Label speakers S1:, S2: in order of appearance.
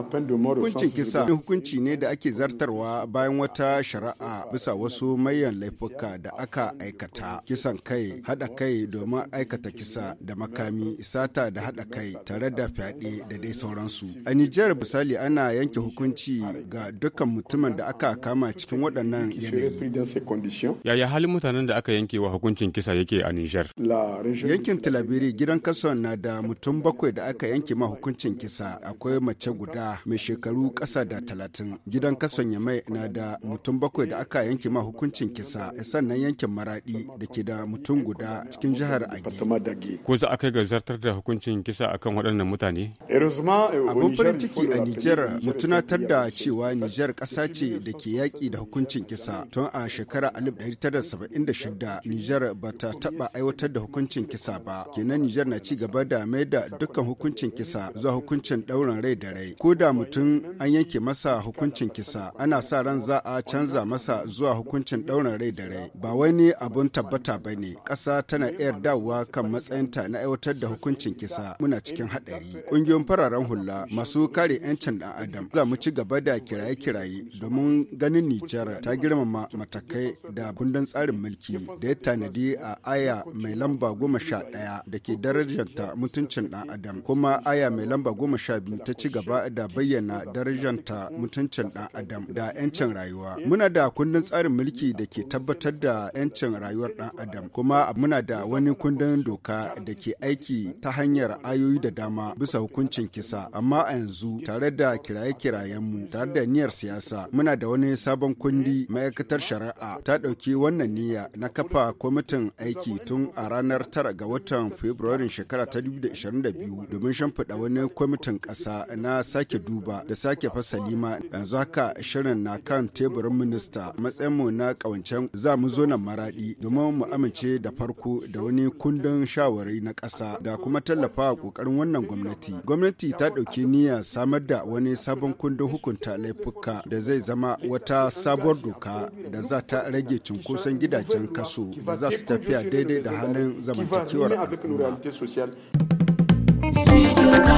S1: Hukuncin kisa hukunci ne da ake zartarwa bayan wata shari'a bisa wasu mayan laifuka da aka aikata. Kisan kai, haɗa kai domin aikata kisa da makami, sata da haɗa kai tare da fyaɗe da dai sauransu. A Nijar misali ana yanke hukunci ga dukkan mutumin da aka kama cikin waɗannan yanayi.
S2: Yaya halin mutanen da aka yanke wa hukuncin kisa yake a Nijar?
S1: Yankin Tilabiri gidan kason na da mutum bakwai da aka yanke ma hukuncin kisa akwai mace guda mai shekaru kasa da talatin. Gidan kason Yamai na da mutum bakwai da aka yanke ma hukuncin kisa sannan yankin Maraɗi da ke da mutum guda cikin jihar Agi.
S2: Ko za a kai ga zartar da hukuncin kisa akan waɗannan mutane? Abin farin ciki a Nijar mutunatar
S1: da cewa Nijar ƙasa ce da ke yaƙi da hukuncin kisa tun a alif da 1976 Nijar ba ta taɓa aiwatar da hukuncin kisa ba. Kenan Nijar na ci gaba da mai da dukkan hukuncin kisa zuwa hukuncin ɗaurin rai da rai. Ko da mutum an yanke masa hukuncin kisa ana sa ran za a canza masa zuwa hukuncin ɗaurin rai da rai ba wani abun tabbata ba ne kasa tana yar dawowa kan matsayinta na aiwatar da hukuncin kisa muna cikin haɗari ƙungiyoyin fararen hula masu kare 'yancin ɗan adam za mu ci gaba da kiraye-kiraye domin ganin nijar ta girmama matakai da kundin tsarin mulki da ya tanadi a aya mai lamba goma sha ɗaya da ke darajanta mutuncin ɗan adam kuma aya mai lamba goma sha biyu ta ci gaba da da bayyana darajanta mutuncin ɗan adam da 'yancin rayuwa. Muna da kundin tsarin mulki da ke tabbatar da 'yancin rayuwar ɗan adam kuma muna da wani kundin doka da ke aiki ta hanyar ayoyi da dama bisa hukuncin kisa. Amma a yanzu tare da kiraye-kirayenmu tare da niyyar siyasa muna da wani sabon kundi ma'aikatar shari'a ta ɗauki wannan niyya na kafa kwamitin aiki tun a ranar tara ga watan Fabrairun shekara ta 2022 domin shimfiɗa wani kwamitin ƙasa na sake sake duba da sake fasali ma yanzu haka shirin na kan teburin minista matsayin mu na kawancen za mu zo nan maraɗi domin mu amince da farko da wani kundin shawari na ƙasa da kuma tallafa ƙoƙarin wannan gwamnati. Gwamnati ta ɗauki niyyar samar da wani sabon kundin hukunta laifuka da zai zama wata sabuwar doka da za ta rage cunkoson gidajen kaso da za su tafiya daidai da halin zamantakewar al'umma.